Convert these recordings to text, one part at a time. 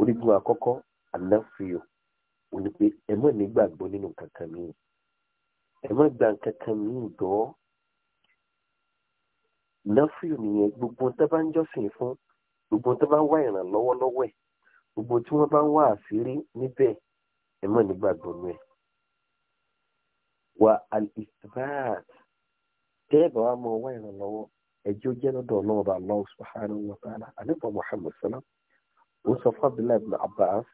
orígun àkọ́kọ́ ànáfíò ò ní pé ẹ mọ̀ nígbàgbọ́ nínú kankan míì ẹ mọ̀ gba kankan míì gbọ́ náfíò nìyẹn gbogbo tó bá ń jọ́sìn fún gbogbo tó bá ń wá ìrànlọ́wọ́ lọ́wọ́ ẹ̀ gbogbo tí wọ́n bá ń wá àṣírí níbẹ̀ ẹ mọ̀ nígbàgbọ́ nù ẹ̀. wà al-ithbat tẹ́ẹ̀bà wa mọ̀ wá ìrànlọ́wọ́ ẹjọ́ jẹ́ lọ́dọ̀ ọlọ́ọ̀bà Allah subhanahu wa ta'ala àníbọ̀ Muhammad sallam ó sọ fún abdullahi ibn abbas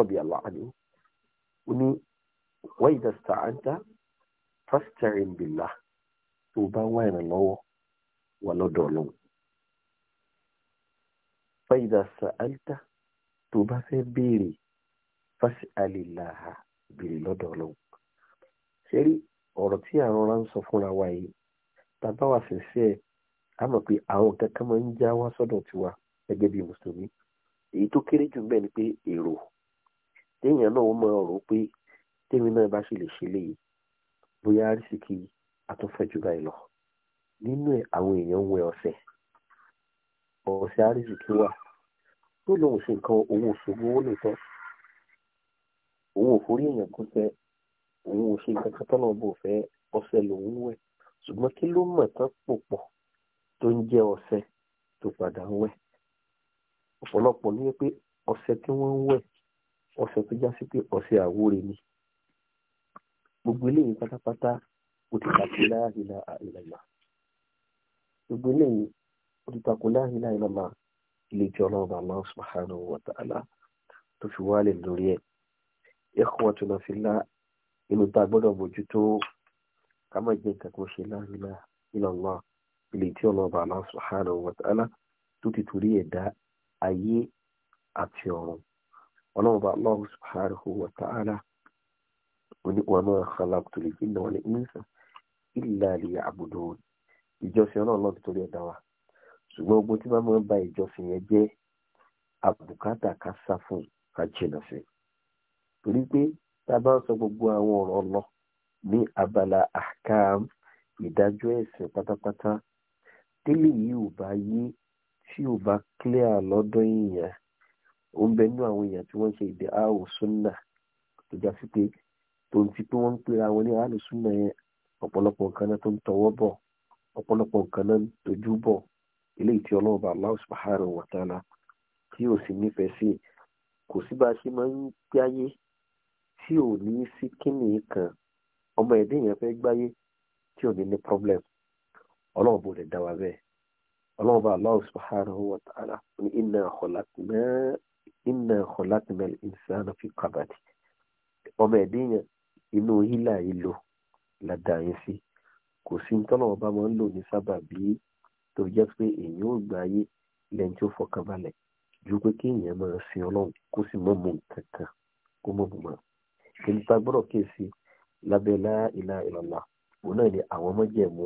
radiyallahu anhu ó ní wa idha ista'anta fasta'in billah tó bá wá ìrànlọ́wọ́ wà lọ́dọ̀ ọlọ́run fa idha sa'alta tó bá fẹ́ béèrè fas'alillaha béèrè lọ́dọ̀ ọlọ́run ṣé rí ọ̀rọ̀ tí àwọn ọ̀rọ̀ ń sọ fúnra wa yìí tàbá wà fẹ́ fẹ́ a mọ̀ pé àwọn kankan máa ń já wá sọ́dọ̀ tiwa gẹ́gẹ́ bí mùsùlùmí èyí tó kéré jù bẹ́ẹ̀ ni pé èrò téèyàn náà ó máa rò pé tèmi náà bá ṣe lè ṣe léyìí bóyá àrísìkí atúnfẹ́jù báyìí lọ nínú ẹ̀ àwọn èèyàn ń wẹ ọ̀sẹ̀ ọ̀sẹ̀ àrísìkí wà tó lóun ṣe nǹkan òun òṣogbo owó lè òun ò forí èèyàn kó fẹ́ òun ò ṣe nǹkan kan tọ́nà bò fẹ́ ọ̀sẹ̀ lòun wẹ̀ ṣùgbọ́n kí ló mọ̀ tán pò pọ̀ tó ń jẹ́ ọ̀sẹ̀ tó padà ń wẹ̀ ọ̀pọ̀lọpọ̀ ló yẹ pé ọṣẹ tí wọ́n ń wẹ̀ ọṣẹ tó já sí pé ọṣẹ àwúre ni gbogbo eléyìí pátápátá ó ti takò láàhìlà àìlàlà gbogbo eléyìí ó ti takò láàhìlà àìlàlà ilé ìjọ ọlọ́run Allah subhanahu wa ta'ala tó fi wálẹ̀ lórí ẹ̀ ikhwatuna fillah inú tá a gbọ́dọ̀ bójútó ká má jẹ́ nǹkan kan ṣe láàhìlà ìlàlà ilé ọlọ́run Allah subhanahu wa tó ti torí ẹ̀ dá ye àti ọ̀run ọlọ́run bá Allah subhanahu wa ta'ala oní wa ma khalaqtul jinna wal insa illa liya'budun ìjọsìn ọlọ́run náà nítorí ẹ̀dá wa tí bá máa ń ba ìjọsìn yẹn jẹ́ àbùkátà ká sá ka ká abala ahkam ìdájọ́ ẹ̀sìn pátápátá délé tí ò bá clear lọ́dọ̀ èèyàn ó ń bẹ nínú àwọn èèyàn tí wọ́n ṣe ìdí àwò súnà tó já sí pé tòun ti pé wọ́n ń pera wọn ní àlù súnà yẹn ọ̀pọ̀lọpọ̀ nǹkan náà tó ń tọwọ́ bọ̀ ọ̀pọ̀lọpọ̀ nǹkan náà ń bọ̀ eléyìí tí ọlọ́run bá Allah subhanahu wa tí ò sì nífẹ̀ẹ́ sí kò sí bá a ṣe máa ń gbáyé tí ò ní sí kíni kan ọmọ ẹ̀dẹ́ yẹn fẹ́ gbáyé tí ò ní ní problem ọlọ́run bò lè dá wa bẹ́ẹ̀ ọlọ́run bá Allah subhanahu wa ta'ala ní inna khalaqna inna khalaqna al-insana fi kabadi ọmọ ẹ̀dínyàn inú hílà ìlò ládàáyín sí kò sí tọ́lọ́wọ́ bá máa ń lò ní sábà bí tó jẹ́ pé èèyàn ò gba ayé lẹ́yìn tí ó fọkàn balẹ̀ ju pé kí èèyàn máa sin ọlọ́run kó sì mọ̀ mọ̀ nǹkan kan kó mọ̀ mọ̀ kíni tá gbọ́dọ̀ kíyèsí lábẹ́ la ilaha illallah òun náà ni àwọn ọmọ jẹ̀mú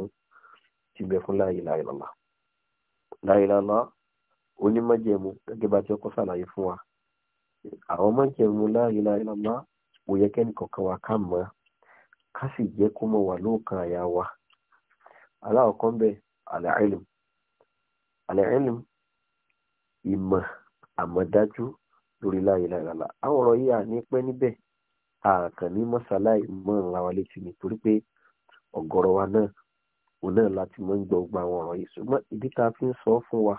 ti bẹ fún la ilaha illallah láìláná onímọ̀jẹ̀mú gẹ́gẹ́ bá ti ọkọ̀ ṣàlàyé fún wa àwọn mọ̀jẹ̀mú láìláná kò yẹ kẹ́ni kọ̀ọ̀kan wa ká mọ̀ ká sì jẹ́ kó mọ̀ wà lóòkan àyà wa aláwọ̀kan bẹ́ẹ̀ àlàílùm àlàílùm ìmọ̀ àmọ̀dájú lórí láìláìlá àwọn ọ̀rọ̀ yìí à ní pẹ́ níbẹ̀ àkànní mọ́ṣáláì mọ́ ńlá wa létí ni torí pé ọ̀gọ̀rọ̀ wa náà òun náà láti mọ́ ń gbọ́ gba àwọn ọ̀rọ̀ yìí ṣùgbọ́n ìdí tá a fi ń sọ fún wa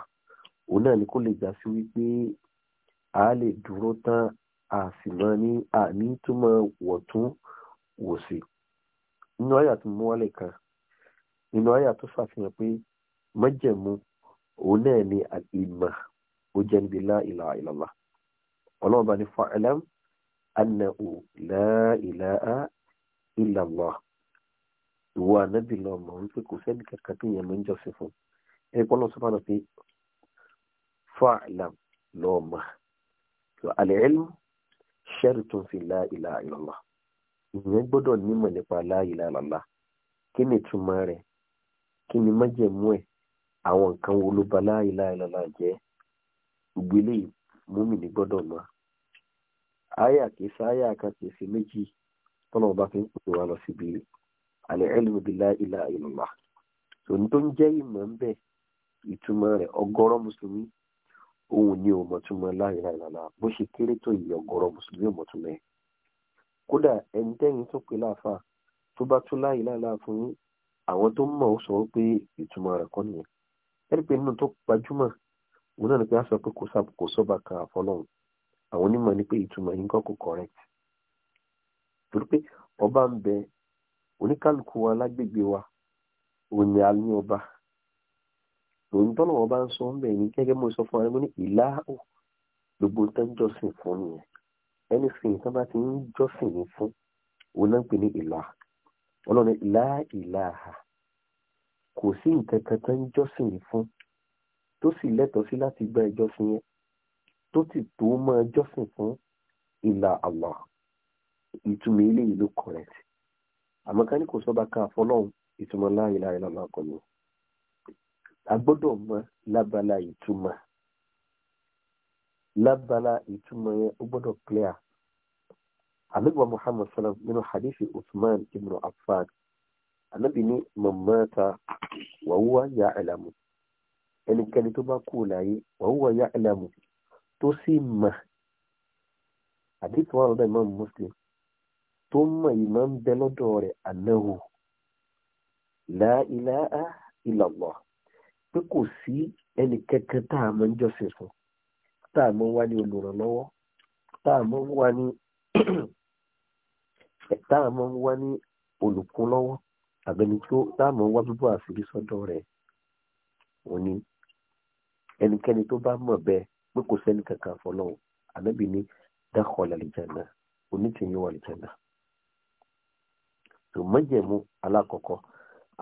òun náà ni kó lè já sí wípé a lè dúró tán a sì máa ní àní tó máa wọ̀tún wòsì nínú àyà tó mú wálé kan nínú àyà tó ṣàfihàn pé májẹ̀mú òun náà ni àìmọ̀ ó jẹ́ níbi la ilaha illallah ọlọ́run bá ní fa'lam annahu la ilaha illallah ìwọ ànábì lọ mọ̀ wípé kò sẹ́ni kankan tó yẹn mọ́ ń jọ́sìn fún ẹ kọ́ lọ́sọ́ fún pé fa'lam lọ mọ̀ al-ilm shartun fi la ilaha illallah ìyẹn gbọ́dọ̀ nímọ̀ nípa la ilaha illallah kí ni ìtumọ̀ rẹ̀ kí ni májẹ̀mú ẹ̀ àwọn nǹkan wo ló ba la ilaha illallah jẹ́ gbogbo eléyìí múmìnì gbọ́dọ̀ mọ̀ àyà kìí sí àyà kan kìí al-ilmu bi la ilaha illallah tòun tó ń jẹ́ ìmọ̀ ń bẹ̀ ìtumọ̀ rẹ̀ ọgọ́rọ̀ mùsùlùmí òun ni ò mọ̀túnmọ̀ la ilaha bó ṣe kéré tó yìí ọgọ́rọ̀ mùsùlùmí ò mọ̀túnmọ̀ kódà ẹni tẹ́yìn tó pè láàfà tó bá tún la ilaha illallah fún àwọn tó mọ̀ ó sọ pé ìtumọ̀ rẹ̀ kọ́ nìyẹn ẹni pé nínú tó gbajúmọ̀ òun náà ni pé a sọ ọba ń oníkálukú wa lágbègbè wa òun ni a ní ọba lòun tọ́nà ọba ń sọ ọ́nbẹ̀ ní gẹ́gẹ́ mo sọ fún wa ní ìlà ò gbogbo tó ń jọ́sìn fún nìyẹn ẹni sìn tó bá ti ń jọ́sìn ní fún òun náà pè ní ìlà ọlọ́run ìlà ìlà ha kò sí nǹkan kan tó ń jọ́sìn ní fún tó sì lẹ́tọ̀ọ́ sí láti gba ìjọsìn yẹn tó sì tó máa jọ́sìn fún ìlà Allah ìtumọ̀ eléyìí ló correct àmọ́ ká ní kò sọ́ba kan àfọlọ́hún ìtumọ̀ la ilaha illallah kọ́ ni a gbọ́dọ̀ mọ lábala ìtumọ̀ lábala ìtumọ̀ yẹn ó gbọ́dọ̀ clear àlùbọ̀ Muhammad sallam nínú hadithi Uthman ibn Affan anabi ní mamata wa huwa ya'lamu ẹnikẹ́ni tó bá kú láyé wa huwa ya'lamu tó sì mọ̀ àdìsí wa lọ́dọ̀ Imam Muslim tó mọ̀ ìmọ̀ ń bẹ lọ́dọ̀ rẹ̀ ànáwó la ilaha illallah pé kò sí ẹnì kankan tá a mọ̀ ń jọ́sìn fún tá a mọ̀ wá ní olùrànlọ́wọ́ tá a mọ̀ wá ní tá a mọ̀ wá ní olùkúnlọ́wọ́ àbẹni tó tá a mọ̀ wá bíbọ̀ àṣírí sọ́dọ̀ rẹ̀ òní tó mọ́jẹ̀mú alákọ̀ọ́kọ́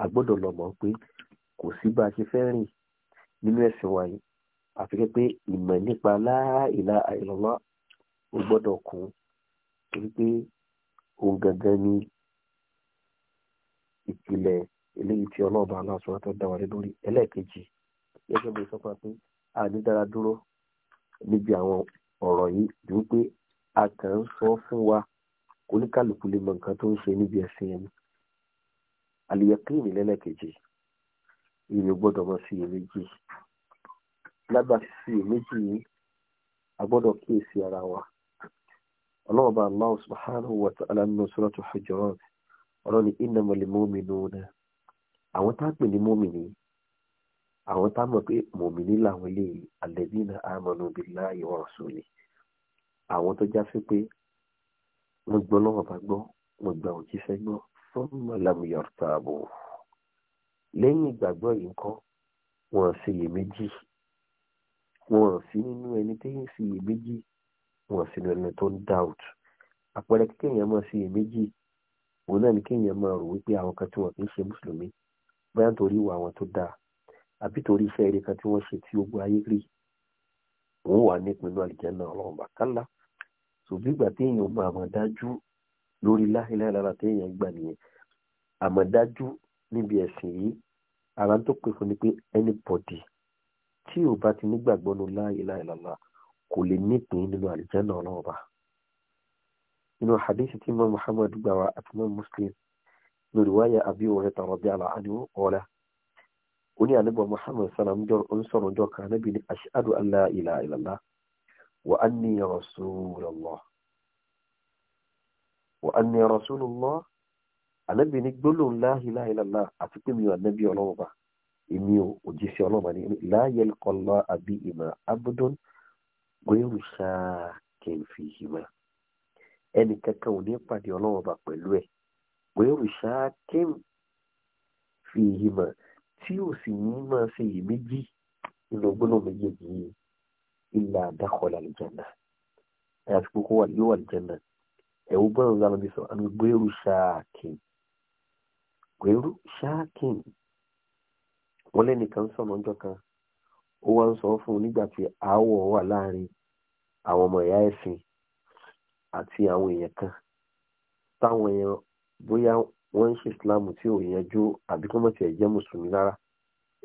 a gbọ́dọ̀ lọ mọ̀ pé kò sí bá a ṣe fẹ́ rìn nínú ẹ̀sìn wa yìí àfi pé ìmọ̀ nípa la ilaha illallah ó gbọ́dọ̀ kún torí pé òun gangan ni ìpìlẹ̀ eléyìí tí ọlọ́ọ̀bá aláṣọ tó dá wa lé lórí ẹlẹ́ẹ̀kejì gẹ́gẹ́ bí sọ́kà pé a ní dára dúró níbi àwọn ọ̀rọ̀ yìí ju pé a kàn ń sọ fún wa oníkàlùkù lè mọ nǹkan tó ń ṣe níbi ẹ̀sìn ẹni àlìyẹkìnì lẹ́lẹ́kejì ìrè gbọ́dọ̀ mọ sí èméjì lágbàtí sí èméjì yìí a gbọ́dọ̀ kíyèsí ara wa ọlọ́run bá Allah subhanahu wa ta'ala nínú suratu Hujurat ọ̀rọ̀ ni innamal mu'minuna àwọn tá a pè ní mọ́mìnì àwọn tá a mọ̀ pé mọ̀mìnì làwọn eléyìí alladhina amanu billahi wa rasuli àwọn tó já sí pé wọ́n gbọ́ lọ́wọ́ bá gbọ́ wọ́n gba òjíṣẹ́ gbọ́ fún alámúyọ̀tà ààbò lẹ́yìn ìgbàgbọ́ yìí kọ́ wọ́n ṣiyèméjì wọ́n sí nínú ẹni tó ń ṣiyèméjì wọ́n sí nínú ẹni tó ń doubt àpẹẹrẹ kéèyàn máa ṣiyèméjì òun náà ni kéèyàn máa rò wípé àwọn kan tí wọ́n kì í ṣe mùsùlùmí bóyá nítorí ìwà àwọn tó dáa àbí torí iṣẹ́ eré kan tí wọ́n ṣe tí ogun ayé rí òun wà ní ìpinnu náà ọlọ́run bàkálà ṣùgbọ́n ìgbà téèyàn ọmọ àmọ̀dájú lórí láhìláhìlára téèyàn gbà nìyẹn àmọ̀dájú níbi ẹ̀sìn yìí ara tó pè fún ni pé anybody tí ò bá ti nígbàgbọ́ nu láhìláhìlára kò lè nípìn nínú àlùjánnà ọlọ́run ọba nínú hadith tí imam muhammad gbà wá àti imam muslim nínú riwaya abi hurairah tàwọn bí ala anhu ọ̀la ó ní ànábì muhammad sallam ń sọ̀rọ̀ ọjọ́ kan anábì ní ashhadu an وأني رسول الله وأني رسول الله Ànábì ní gbólóhùn la ilaha illallah àti pé mi ò ànábì ọlọ́run bá èmi ò òjíṣẹ́ ọlọ́run bá ní la yalqa Allah àbí ìmọ̀ abudun gbèrú sáà kẹfì ìmọ̀ ẹnì kankan ò ní pàdé ọlọ́run bá pẹ̀lú ẹ̀ gbèrú sáà kẹfì ìmọ̀ tí ò sì ní máa ṣe iyèméjì nínú gbólóhùn méjèèjì yìí ilà dákọ̀lá àlùjànnà àyàfi kókó yóò wà àlùjànnà ẹ̀wù bọ́ọ̀lù lánàá bí sọ àmì gbèrú ṣáàkì gbèrú ṣáàkì wọn lẹ́nìkan sọ̀rọ̀ ọjọ́ kan ó wá ń sọ fún un nígbà tí aáwọ̀ wà láàrin àwọn ọmọ ìyá ẹ̀sìn àti àwọn èèyàn kan táwọn èèyàn bóyá wọ́n ń ṣe ìsìláàmù tí ò yanjú àbí kọ́mọ̀tì ẹ̀ jẹ́ mùsùlùmí rárá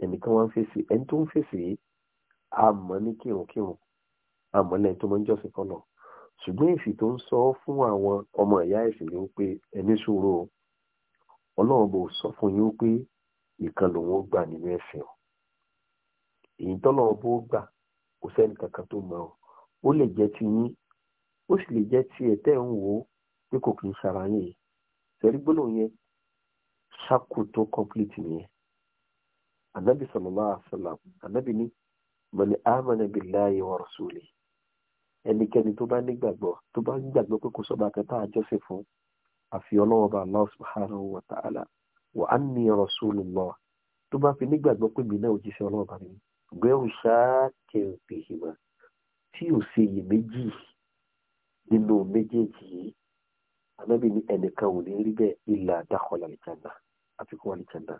ẹnìkan wá ń fèsì ẹni tó ń fèsì yìí àmọ́ ní kírunkírun àmọ́ lẹ́yìn tó máa ń jọ́sìn ṣùgbọ́n èsì tó ń sọ fún àwọn ọmọ ẹ̀yà ẹ̀sìn ni pé ẹni ṣòro ọlọ́run bò sọ fún yín pé ìkan lòun ó gbà nínú ẹ̀sìn èyí tọ́lọ́run bó gbà kò sẹ́ni kankan tó ti yín ó sì lè jẹ́ ti ẹ̀tẹ́ ń wò ó pé kò ṣara yín mọ̀ni amana billahi wa rasuli ẹnikẹ́ni tó bá nígbàgbọ́ tó bá nígbàgbọ́ pé kò sọ́ba kẹta àjọṣe fún àfi ọlọ́wọ́ bá Allah subhanahu wa ta'ala wa anni rasulullah tó bá fi nígbàgbọ́ pé mi náà òjíṣẹ́ ọlọ́wọ́ bá mi gbẹ́rù ṣáàkẹ́ òbíhìmá tí ò ṣe iyèméjì nínú méjèèjì yìí anábì ní ẹnìkan ò ní rí bẹ́ẹ̀ illa dakhala al àfikún àlìjànà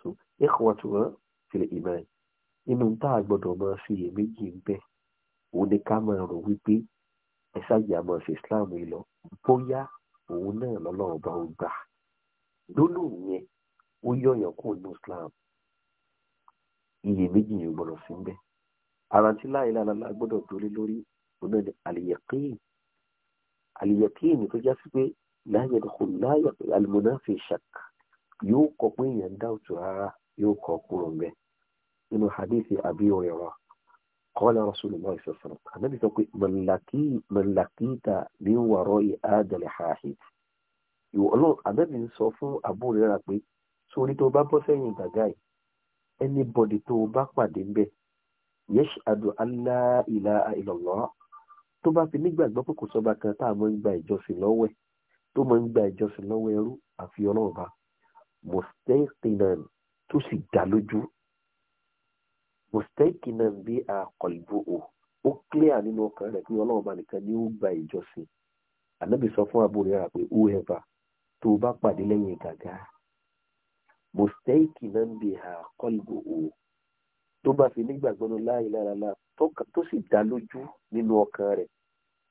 so ikhwatuna fil iman nínú tá a gbọ́dọ̀ máa fi iyèméjì ń bẹ̀ òun ni ká máa rò wípé ẹ ṣáàjì Islam yìí lọ bóyá òun náà lọ́lọ́run bá ń gbà lólóhùn yẹn ó yọ̀yàn kó inú Islam iyèméjì yìí gbọ́dọ̀ sí ń bẹ̀ ara tí láì lálálá gbọ́dọ̀ dúró lórí òun náà ni àlìyẹ̀kín àlìyẹ̀kín tó já sí pé láyé kò láyé àlùmọ́nà fi ṣàk yóò kọ pé èèyàn dáùtù rárá yóò kọ kúrò ń bẹ́ẹ̀ nínú hadithi Abi Hurairah qala Rasulullah sallallahu alaihi wasallam ànábì sọ pé man laqita min wara'i hadhal hahith ìwọ̀lọ́ ànábì ń sọ fún Abu Hurairah pé sórí tó bá bọ́ sẹ́yìn gàgá yìí anybody tó bá pàdé ń bẹ̀ yashhadu an la ilaha illallah tó bá fi nígbàgbọ́ pé kò sọba kan tá a mọ̀ ń gba ìjọsìn lọ́wọ́ tó mọ̀ ń gba ìjọsìn lọ́wọ́ ẹrú àfi ọlọ́ọ̀ba mustaqinan tó mustaqinan biha o ó clear nínú ọkàn rẹ̀ pé ọlọ́run bá nìkan ni ó gba ìjọsìn ànábì sọ fún àbúrò rẹ̀ pé whoever tó bá pàdé lẹ́yìn gàgà mustaqinan biha qalbuhu tó bá fi nígbàgbọ́ ní la ilaha illallah tó sì dá lójú nínú ọkàn rẹ̀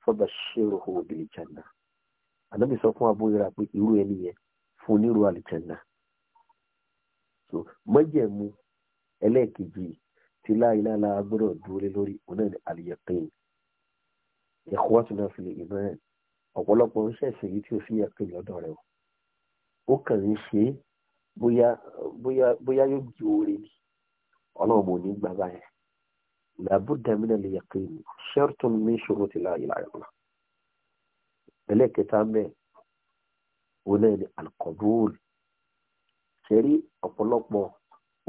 fabashiruhu bil janna ànábì sọ fún àbúrò rẹ̀ pé irú ẹni yẹn fún onírú àlùjànnà so mọ́jẹ̀mú ẹlẹ́ẹ̀kejì yìí tí láìláà láà gbọ́dọ̀ dúró lórí òun náà ni àlìyẹ̀pín ikhwatuna fil iman ọ̀pọ̀lọpọ̀ ń ṣẹ̀ṣẹ̀ yìí tí ó fi yẹ̀pín lọ́dọ̀ rẹ̀ ó kàn ń ṣe bóyá bóyá yóò di oore ni ọlọ́run ò ní gbà báyẹn làbúdà mí náà lè yẹ̀pín shartun min shuruti la ilaha illallah ẹlẹ́kẹta mẹ́ẹ̀ òun náà ni alqabul ṣẹ́rí ọ̀pọ̀lọpọ̀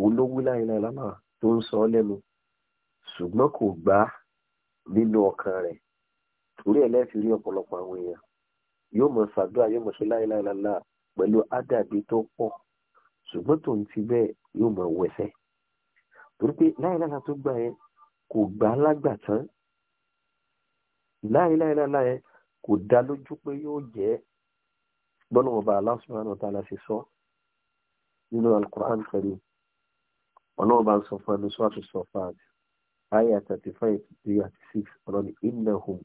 òun láìláà tó ń sọ lẹ́nu ṣùgbọ́n kò gbà nínú ọkàn rẹ̀ torí ẹ̀ lẹ́ẹ̀fi rí ọ̀pọ̀lọpọ̀ àwọn èèyàn yóò mọ̀ ṣàdúrà yóò mọ̀ ṣe láìláìláìlá pẹ̀lú ádàbí tó pọ̀ ṣùgbọ́n tòun ti bẹ́ẹ̀ yóò mọ̀ wẹ̀sẹ̀ torí pé láìláìlá tó gbà yẹn kò gbà lágbà tán láìláìláìlá yẹn kò dá lójú pé yóò jẹ́ gbọ́dọ̀ wọn bá Allah subhanahu wa ta'ala ṣe sọ nínú al-Qur'an ọlọ́run bá ń sọ fún ẹnu sọ́ọ̀tù sọ̀fà àyà thirty five to thirty six ọlọ́ni innahum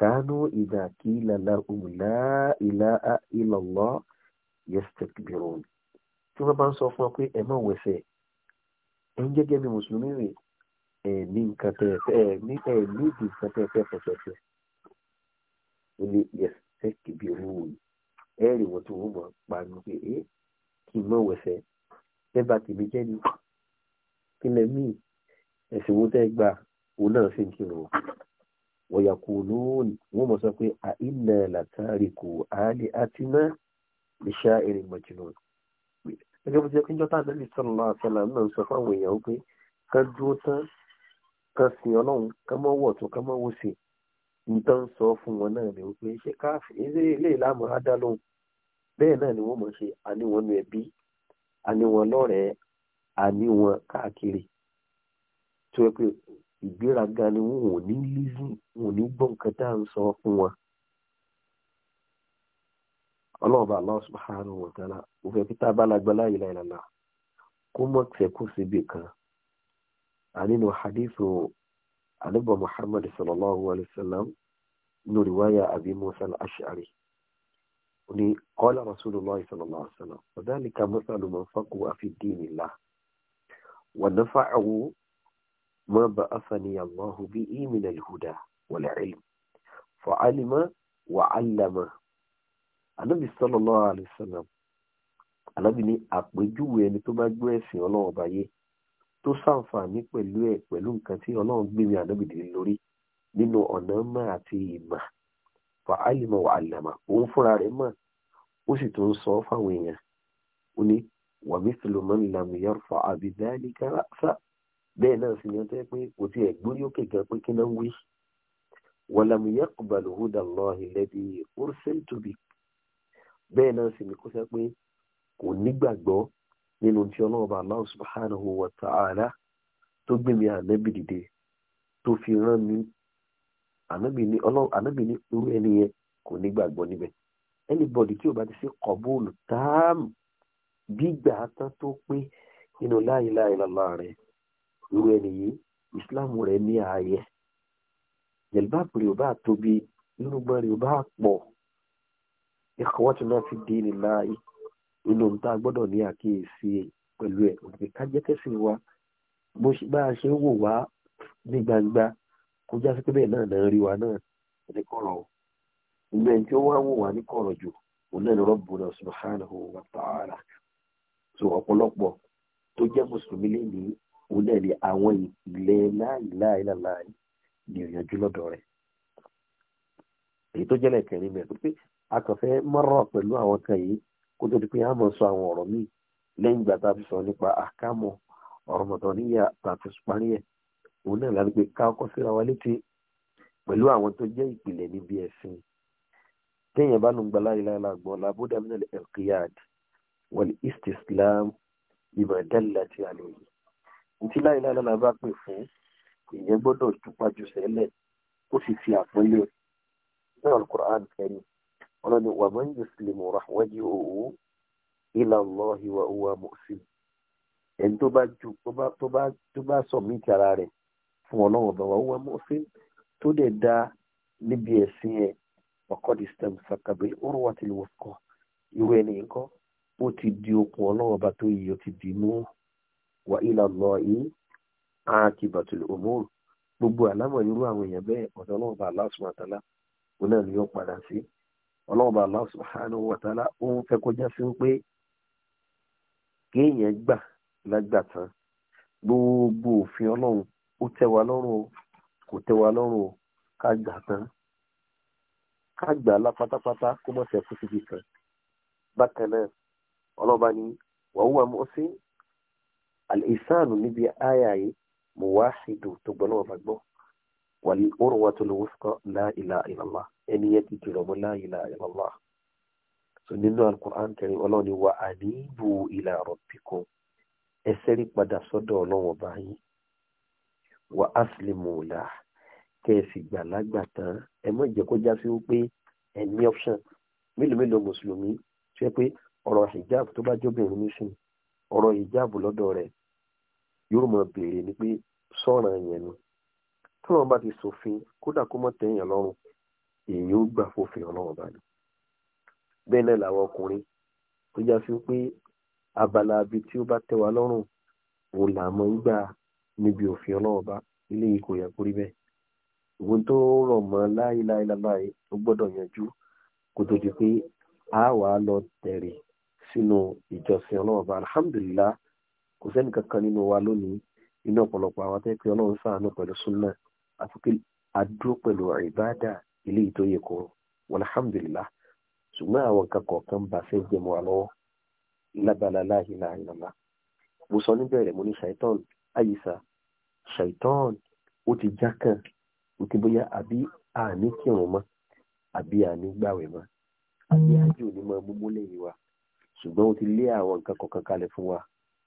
kánú ìdá kí lálá òmùlá ìlà ìlọ̀lọ́ yastakbirun tí wọ́n bá ń sọ fún ọ pé ẹ má wẹ̀sẹ̀ ẹ ń gẹ́gẹ́ bí mùsùlùmí rè ẹ ní nǹkan tẹ ẹ ní ẹ ní ìdí nǹkan tẹ ẹ fẹ́ pọ̀tẹ́tẹ́ ó ní yastakbirun ẹ rí wọn tí wọ́n mọ̀ pa ní pé ẹ kí n má wẹ̀sẹ̀ ẹ bá tèmi jẹ́ ni. kí lẹ mí ẹ̀sìn wo tẹ́ gbà òun náà sì ń kírun wọ̀yàkù lóòní wọ́n mọ̀ sọ pé àìnà làtàríkù àálẹ̀ àtìmá atina ṣá erin mọ̀jìnà gẹ́gẹ́ bó ti jẹ́ pé jọ́tà àdébí sọ̀rọ̀ àṣàlà náà sọ fáwọn èèyàn pé ká dúró tán ká sin ọlọ́run ká mọ́ wọ̀ tó ká mọ́ wò sí nǹkan ń sọ fún wọn náà ni pé a ní wọn káàkiri tó yẹ pé ìgbéraga ni wọn ò ní lísìn wọn ò ní gbọ́ nǹkan tá à ń sọ fún wọn. ọlọ́ọ̀bà Allah subhanahu wa ta'ala ó fẹ́ pété abálagbá la ilaha illallah kó mọ̀ tẹ̀kù síbi kan a nínú hadithu anubu muhammad sallallahu alayhi wa sallam nínú riwaya abi musa al-ash'ari ni qala rasulullah sallallahu alayhi wa sallam wa dhalika mathalu man faquha fi dinillah. ونفعه ما بعثني الله به من الهدى والعلم فعلم وعلم النبي صلى الله عليه وسلم alábi ní àpèjúwe ẹni tó bá gbọ́ ẹ̀sìn ọlọ́run ọba yé tó ṣàǹfààní pẹ̀lú ẹ̀ pẹ̀lú nǹkan tí ọlọ́run gbèmí ànábì lórí nínú ọ̀nà mọ́ àti ìmọ̀ fa wà àlàmà òun fúnra rẹ̀ mọ̀ ó sì tún sọ fáwọn èèyàn ó wà mithlu man lam yarfa' bidhalika ra'sa bẹ́ẹ̀ náà sì ni wọ́n tẹ́ pé kò tí ẹ̀ gbórí òkè gan pé kí náà ń wí. wa lam yaqbal huda Allahi alladhi ursiltu bi bẹ́ẹ̀ náà sì ni kó sẹ́ pé kò nígbàgbọ́ nínú tí ọlọ́ọ̀bà Allah subhanahu wa ta'ala tó gbé mi ànábì dìde tó fi rán mi ànábì ní irú ẹni yẹn kò nígbàgbọ́ níbẹ̀ anybody tí ò bá ti ṣe kọ̀bóòlù táàmù gbígbà tán tó pé nínú la ilaha illallah rẹ̀ irú ẹni yìí ìsìláàmù rẹ̀ ní ààyè jẹ̀lbáàpù rẹ̀ ò bá tóbi nínú gbọ́n rẹ̀ ò bá pọ̀ ikhwatuna fi dinillah inú ta gbọ́dọ̀ ní àkíyèsí pẹ̀lú ẹ̀ òkè kájẹ́kẹ́sì wa bó bá a ṣe ń wò wá ní gbangba kó sí pé bẹ́ẹ̀ náà náà rí wa náà ní kọ̀rọ̀ o ìgbẹ́ tí ó wá wò wá ní kọ̀rọ̀ jù òun náà ni Rabbuna subhanahu wa ta'ala so ọ̀pọ̀lọpọ̀ tó jẹ́ mùsùlùmí lẹ́ni òun ni àwọn ìpìlẹ̀ láìláìláì ni òyànjú lọ́dọ̀ rẹ̀ èyí tó jẹ́lẹ̀ kẹrin mẹ́rin pé a kàn mọ́rọ̀ pẹ̀lú àwọn kan kó tó di pé a máa sọ àwọn ọ̀rọ̀ míì lẹ́yìn ìgbà tá a fi sọ nípa ọ̀rọ̀ níyà tá a fi parí ẹ̀ òun náà pé ká ọkọ̀ síra wa létí pẹ̀lú àwọn tó jẹ́ ìpìlẹ̀ níbi ẹ̀sìn téèyàn bá wal-istislam bima dallat alayhi ntí láyé lálẹ́ bá pè fún ìyẹn gbọ́dọ̀ jùpájú sẹ́lẹ̀ ó sì fi àpọ́nlé náà al-Qur'an Karim ọlọ́ni wa man yuslimu wajhahu ila Allahi wa huwa muhsin ẹni tó bá ju tó bá tó bá submit ara rẹ̀ fún ọlọ́run ọba wa huwa muhsin tó dẹ̀ da níbi ẹ̀sìn ẹ̀ ọkọ̀ distance sakabe urwatil wuthqa irú ẹni nǹkan ó ti di okùn ọlọ́run ọba tó yíyọ ti dì mú wa ila Allahi akibatul umur gbogbo àlámọ̀ irú àwọn èèyàn bẹ́ẹ̀ ọ̀dọ̀ ọlọ́run ọba Allah subhanahu wa ta'ala òun náà ni yóò padà sí ọlọ́run ọba Allah subhanahu fẹ́ kọjá sí kéèyàn gbà lágbà tán gbogbo òfin ọlọ́run ó lọ́rùn o kò tẹ́ lọ́rùn ká gbà tán ká ọlọ́ba ni wàhùwà mọ́sí àlìsàánù níbi àyà yìí mùwáhìdù tó gbọ́n náà bá gbọ́ wàlí òrùwà tó lè wọ́sọ̀kọ́ la ilaha illallah ẹni yẹn ti jùlọ mọ́ la ilaha illallah so nínú alukur'an kẹrin ọlọ́run ni wà àníbù ila rabbikum ẹsẹ̀ rí padà sọ́dọ̀ ọlọ́run ọba wà aslimu lah kẹ́ẹ̀sì gbàlágbà tán ẹ mọ̀ jẹ́ sí wípé ẹ ní option mélòó mélòó mùsùlùmí tó yẹ pé ọ̀rọ̀ hijab tó bá jóbìnrin nísìn ọ̀rọ̀ hijab lọ́dọ̀ rẹ̀ yóò mọ̀ béèrè ni pé sọ̀ràn yẹn nu tó wọn bá ti ṣòfin kódà kó mọ̀ tẹ̀yìn èyí ó gbà fòfin ọlọ́run bá ní. bẹ́ẹ̀ náà làwọn ọkùnrin tó já pé abala abi tí ó bá lọ́rùn òun là mọ́ níbi òfin ọlọ́run ilé yìí kò bẹ́ẹ̀. ìwọ́n sínú ìjọsìn ọlọ́run ọba alhamdulillah kò sẹ́ni kankan nínú wa lónìí nínú ọ̀pọ̀lọpọ̀ àwọn atẹ́kẹ́ ọlọ́run ṣàánú pẹ̀lú súnà àti pé adúró pẹ̀lú ìbáàdà eléyìí tó yẹ kó alhamdulillah ṣùgbọ́n àwọn nǹkan kọ̀ọ̀kan bá fẹ́ gbé mọ́ wa lọ́wọ́ lábala la ilaha illallah mo sọ níbẹ̀rẹ̀ mo ní ṣàìtàn àyíṣà ṣàìtàn ó ti já kàn wípé bóyá àbí àní kírun mọ́ àbí àní gbàwẹ̀ mọ́ àbí àjò ní mọ́ gbogbo lẹ́yìn wa ṣùgbọ́n ó ti lé àwọn nǹkan kọ̀ọ̀kan kalẹ̀ fún wa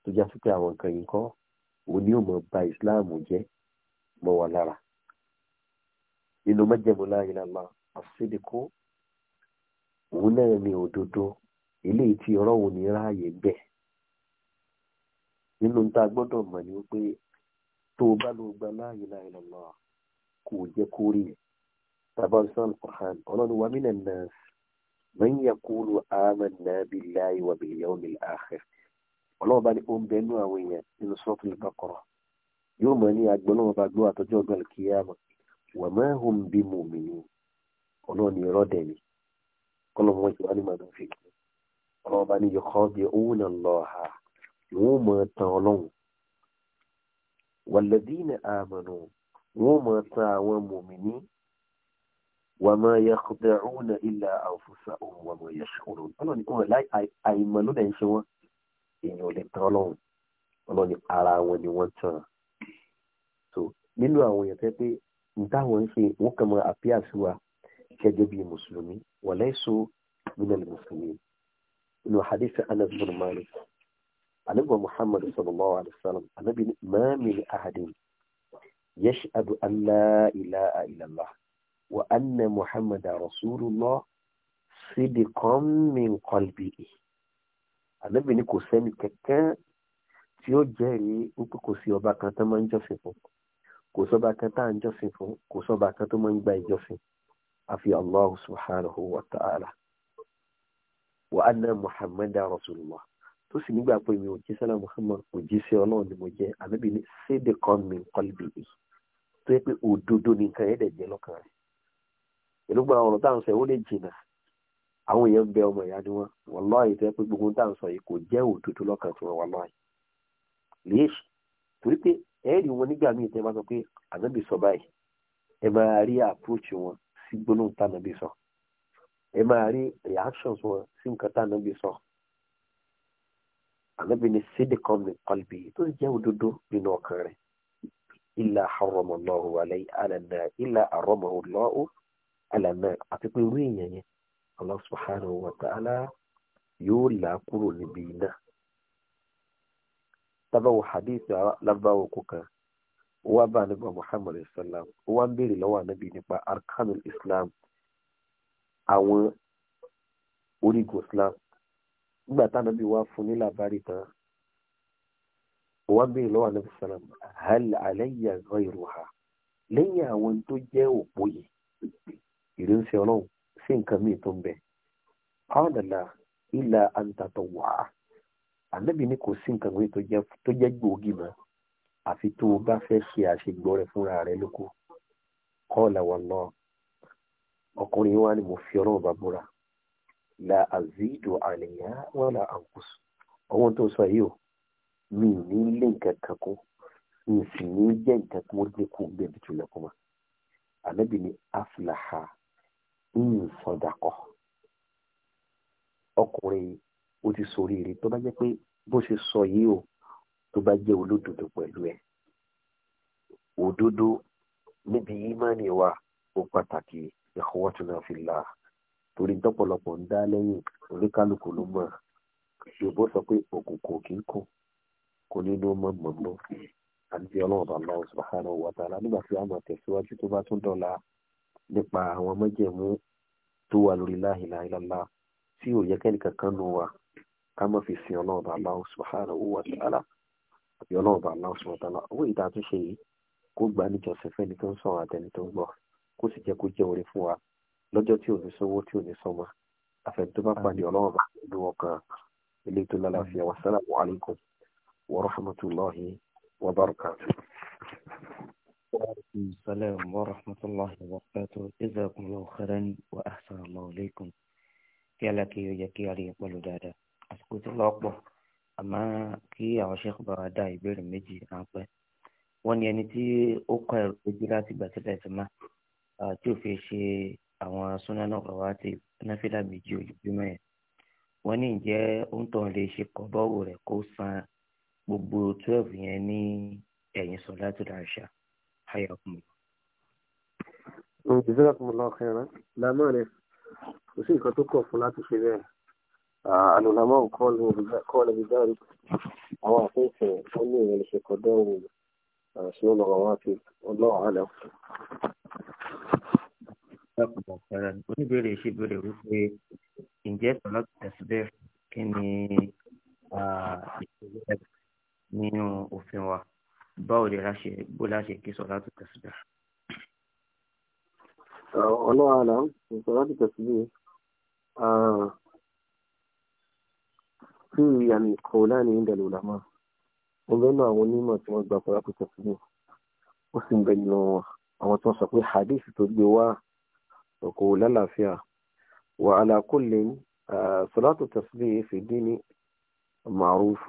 tó já sí pé àwọn nǹkan yìí kọ́ òní ò mọ̀ ba islam jẹ́ mọ́ wa lára nínú májẹ̀mú la ilaha illallah àṣìdìkú òun náà ni òdodo eléyìí tí ọ̀rọ̀ òun ní ráàyè bẹ̀ nínú tá gbọ́dọ̀ mọ̀ ni wípé tó o bá lọ gba la ilaha illallah kò jẹ́ kórìí tàbá sọ́ọ̀lù ọlọ́run wa minan nas. من يقول آمنا بالله وباليوم الآخر. yawmil akhir ọlọ́run bá ní ó ń bẹ nú àwọn èèyàn nínú suratul Baqara yóò mọ̀ ní agbọ́nà bá gbọ́ àtọ́jọ́ ọgbà kíyàmọ̀ wa ma hum bi mu'minin ọlọ́run irọ́ dẹ̀ ni kọ́lọ́ wọn ìwà ní màdùn fi kí ọlọ́run bá ní yukhadi'una Allaha wọ́n mọ̀ tán ọlọ́run walladhina amanu wọ́n mọ̀ tán àwọn mùmìnì wàmọ yẹkùtẹ òun náà ilà àwòfúsà òun wàmọ yẹsùn ọlọ́run ní wọn láì àìmọ̀ ló dẹ̀ ń ṣe wọn èèyàn ò lè tán ọlọ́run ọlọ́run ní ara wọn ni wọ́n tàn so nínú àwọn èèyàn tẹ́ pé ntáwọn ń ṣe wọn kàn máa àpíà sí wa gẹ́gẹ́ bíi mùsùlùmí wàlẹ́ so nínú mùsùlùmí nínú hadith anas bin malik anabi muhammad sallallahu alaihi wasallam anabi ma ahadin yashhadu an la ilaha illallah wa anna muhammad rasulullah sidiqan min qalbihi ànábì ni kò sẹ́ni kẹ̀kẹ́ tí ó jẹ́rìí wípé kò sí ọba kan tó máa ń jọ́sìn fún kò sọ́ba kan tá à ń jọ́sìn fún kò sọ́ba kan tó máa ń gba ìjọ́sìn àfi allah subhanahu wa ta'ala wa anna muhammad rasulullah tó sì nígbà pé mi ò jí sẹ́lá muhammad kò jí sí ọlọ́run ni mo jẹ́ ànábì ni sidiqan min qalbihi tó yẹ pé òdodo nìkan yẹn dẹ̀ jẹ́ lọ́kàn rẹ̀ pẹ̀lú gbogbo àwọn ọ̀rọ̀ tá à ń sọ ìwọ́n lè jìnnà àwọn èèyàn ń bẹ ọmọ ìyá ni wọn wàláhì tẹ́ pé gbogbo tá à ń sọ yìí kò jẹ́ òdodo lọ́kàn tí wọn wàláhì lèèṣì torí pé ẹ̀ẹ́rì wọn nígbà míì tẹ́ bá sọ pé ànábì sọ báyìí ẹ máa rí approach wọn sí gbólóhùn tánàbì sọ ẹ máa rí reactions wọn sí nǹkan tánàbì sọ ànábì ni sídì kan ní qalbi tó jẹ́ òdodo nínú ọkàn rẹ̀ illa harramallahu alayhi ala illa harramahu Allahu àlànà àti pé irú èèyàn yẹn Allah subhanahu wa ta'ala yóò là á kúrò níbi iná tábàwò hadith lábàwò kó kan wá bá nípa Muhammad sallam ó wá ń béèrè lọ́wọ́ ànábì nípa arkanul Islam àwọn orígun Islam nígbà tánábì wá fún ní làbárí tán ó wá ń béèrè lọ́wọ́ ànábì sallam hal alayya ghayruha lẹ́yìn àwọn tó jẹ́ òpó yìí ìrìnsẹ̀ ọlọ́run sí nǹkan míì tó ń bẹ ọ̀dàlà ilà àǹtàtọ̀ wà á ànábì ni kò sí nǹkan míì tó jẹ́ gbòógì mọ́ àfi tó o bá fẹ́ ṣe àṣegbọ́ rẹ fúnra rẹ lóko kọ́ọ̀là wà lọ ọkùnrin wa ni mo fi ọlọ́run bá búra la azidu àlèyá wọn la àǹkùs ọwọ́n tó sọ yìí o mi ò ní lé nǹkan kan kó mi sì ní jẹ́ nǹkan kó wọ́n dín kó gbẹ̀bí jùlọ ma ànábì ni aflaha ń sọdàkọ ọkùnrin ó ti ṣoríire tó bá jẹ́ pé bó ṣe sọ yìí o tó bá jẹ́ olódodo pẹ̀lú ẹ òdodo níbi ìmánì wa ó pàtàkì ikhwatuna fillah torí tọ́pọ̀lọpọ̀ ń dá lẹ́yìn oníkálukú ló mọ̀ ṣùgbọ́n sọ pé òkùnkùn kì í kù kò nínú mọ̀mọ́mọ́ àti ọlọ́run bá lọ́wọ́ subhanahu wa ta'ala nígbà tí a máa tẹ̀síwájú tó bá tún dọ̀la nípa àwọn mọ́jẹ̀mú tó wà lórí la ilaha illallah tí ò yẹ kẹ́ni kankan nù wa ká má fi sin ọlọ́ọ̀bà Allah subhanahu wa ta'ala àbí ọlọ́ọ̀bà Allah subhanahu wa ta'ala owó ìta àtúnṣe yìí kó gbà níjọsìn fẹ́ni tó ń sọ̀rọ̀ àtẹni tó ń gbọ́ kó sì jẹ́ kó jẹ́ orí fún wa lọ́jọ́ tí ò ní sówó tí ò ní sọmọ àfẹn tó bá pàdé ọlọ́ọ̀bà ló ọkàn ilé tó lálàáfíà wassalamu alaikum wa rahmatullahi wa barakatuh. عليكم السلام ورحمة الله وبركاته جزاكم الله خيرا وأحسن الله إليكم kí alákìyọ yẹ kí a rí pẹ̀lú dáadáa àsìkò tó lọ pọ̀ àmọ́ kí àwọn sheikh bá wa dá ìbéèrè méjì ránpẹ́ wọ́n ní ẹni tí ó kọ́ ẹ̀rọ ojú láti gbà sílẹ̀ tó má tí ò fi ṣe àwọn súnà náà kọ̀ wá ti náfìlà méjì ojoojúmọ́ yẹn wọ́n ní ìjẹ́ òǹtàn lè ṣe kọ́ bọ́ọ̀wù rẹ̀ kó san gbogbo twelve yẹn ní ẹ̀yìn sọ̀lá tó dáa حياكم الله جزاكم الله خيرا لا مانع kò sí nǹkan tó kọ̀ fún láti ṣe bẹ́ẹ̀ àlùlámọ́ kọ́ lẹ́bi dárí àwọn àfẹ́fẹ́ wọn ní ìrìn ṣe kọ́ dánwò sí ọ̀nà àwọn àti ọlọ́run àlẹ́. lápapọ̀ pẹ̀lú oníbèrè ṣe bèrè wípé ǹjẹ́ sọ̀rọ̀ tẹ̀síbẹ̀ kí ni ìṣòro nínú òfin wa báwo lè ráṣẹ bó láṣẹ kí sọlá tó tẹsíbẹ. ọlọ́run àlà sọlá tó tẹsíbẹ sí àmì kọ̀ọ̀lá ní ìdẹ̀lẹ̀ òlàmọ́ mo bẹ́ẹ̀ náà àwọn onímọ̀ tí wọ́n gba sọlá tó tẹsíbẹ ó sì ń bẹ nínú àwọn tí wọ́n sọ pé hadith tó gbé wá kò lálàáfíà wà ala kulli ah, sọlá tó tẹsíbẹ fìdí ní màrúf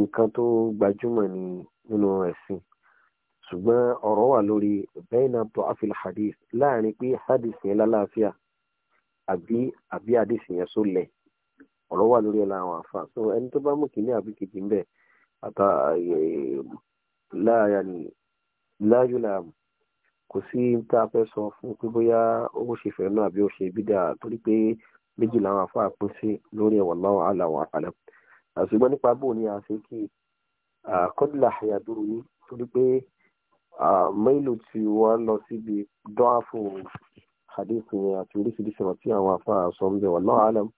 nǹkan tó gbajúmọ̀ ni nínú ẹ̀sìn ṣùgbọ́n ọ̀rọ̀ wà lórí bẹ́ẹ̀nà tó àfihàn hadith láàrin pé hadith yẹn lálàáfíà àbí àbí hadith yẹn só lẹ̀ ọ̀rọ̀ wà lórí ẹ̀la àwọn àfa so ẹni tó bá mú kìíní àbí kejì ń bẹ̀ àtà láàyà ni láàyò làmù kò sí tá a fẹ́ sọ fún pé bóyá ó ṣe fẹ́ náà àbí ó ṣe bídà torí pé méjì làwọn àfa pín sí lórí ẹ̀wọ̀n láwọn àlàwọ̀ àlẹ́ àṣùgbọ́n nípa bóun ni a ṣe kí kọ́dùlà àyàdúró ní torí pé mẹ́lò tí wọ́n lọ síbi dọ́àfù hadith yẹn àti oríṣiríṣi ọ̀rọ̀ tí àwọn afáà sọ ń bẹ̀ wà lọ́wọ́ àlàm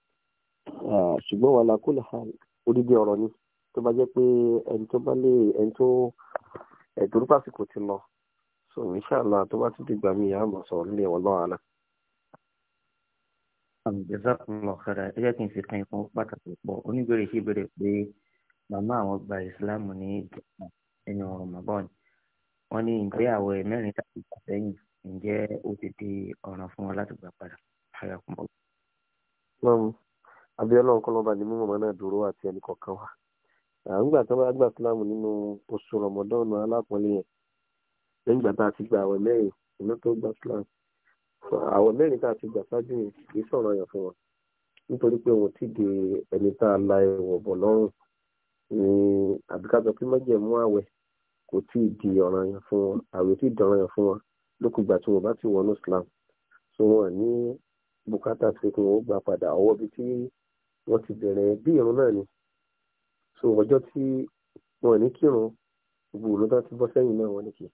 ṣùgbọ́n wà lákùlà odidi ọ̀rọ̀ ni tó bá jẹ́ pé ẹni tó bá lè ẹni tó ẹ̀dùn pàṣípò ti lọ so inṣàlá tó bá ti dìgbà mi yà á nílé wà lọ́wọ́ àlàm. àmì jẹ́sàkùn lọ́kàrà ẹ jẹ́ kí n fi kan ìfún pàtàkì pọ̀ oníbèrè sí ìbéèrè pé màmá àwọn gba ìsìláàmù ní ìjọba nínú Ramadan wọ́n ní ìgbéyàwó ẹ̀ mẹ́rin tàbí sẹ́yìn ǹjẹ́ ó ti di ọ̀ràn fún wọn láti gbà padà ṣáyà kún bọ́. lọ́mú abiola ọkọlọba ni mímọ̀ náà dúró àti ẹnì kọ̀ọ̀kan wa àǹgbà tó bá gbà síláàmù nínú oṣù Ramadan alápọ̀nlé yẹn lẹ́yìn ìgbà tá a ti gba àwẹ̀ mẹ́rin ìná tó gbà síláàmù àwẹ̀ mẹ́rin tá a ti gbà ṣáájú yẹn kì í sọ̀rọ̀ yẹn fún wọn nítorí pé wọn ti di ẹni tá a la ẹ̀wọ̀ bọ̀ lọ́rùn àbí ká sọ pé májẹ̀mú àwẹ̀ kò tí ì di ọ̀ràn yẹn fún wọn àwẹ̀ tí ì dọ̀ràn yẹn fún wọn lókùgbà tí wọn bá ti wọnú Islam so wọn ní bùkátà tí kò wọ́n gbà padà ọwọ́ bí tí wọ́n ti bẹ̀rẹ̀ bí irun náà ni so ọjọ́ tí wọn ní kírun gbogbo ti bọ́ sẹ́yìn náà wọn ní kí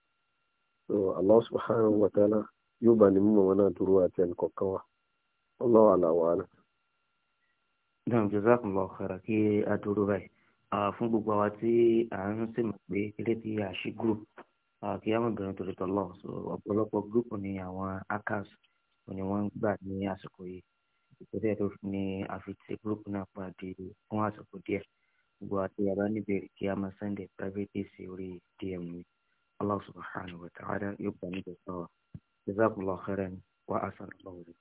wa ta'ala yóò bá ní wa ala. fún gbogbo àwa tí à ń sèmọ̀ pé ilé tí a ṣe group kí á mọ̀ bẹ̀rẹ̀ torí tọ́lọ̀ so ọ̀pọ̀lọpọ̀ group ni àwọn hackers ni wọ́n ń gbà ní àsìkò yìí ìpínlẹ̀ tó ní àfi group náà pàdé fún àsìkò díẹ̀ gbogbo àti yàrá níbẹ̀rẹ̀ kí a máa send a private sí orí dm mi Allah subhanahu wa ta'ala yóò gbà níbẹ̀ sọ́wọ́ jazakallahu khairan wa asan lọ́wọ́ rẹ̀.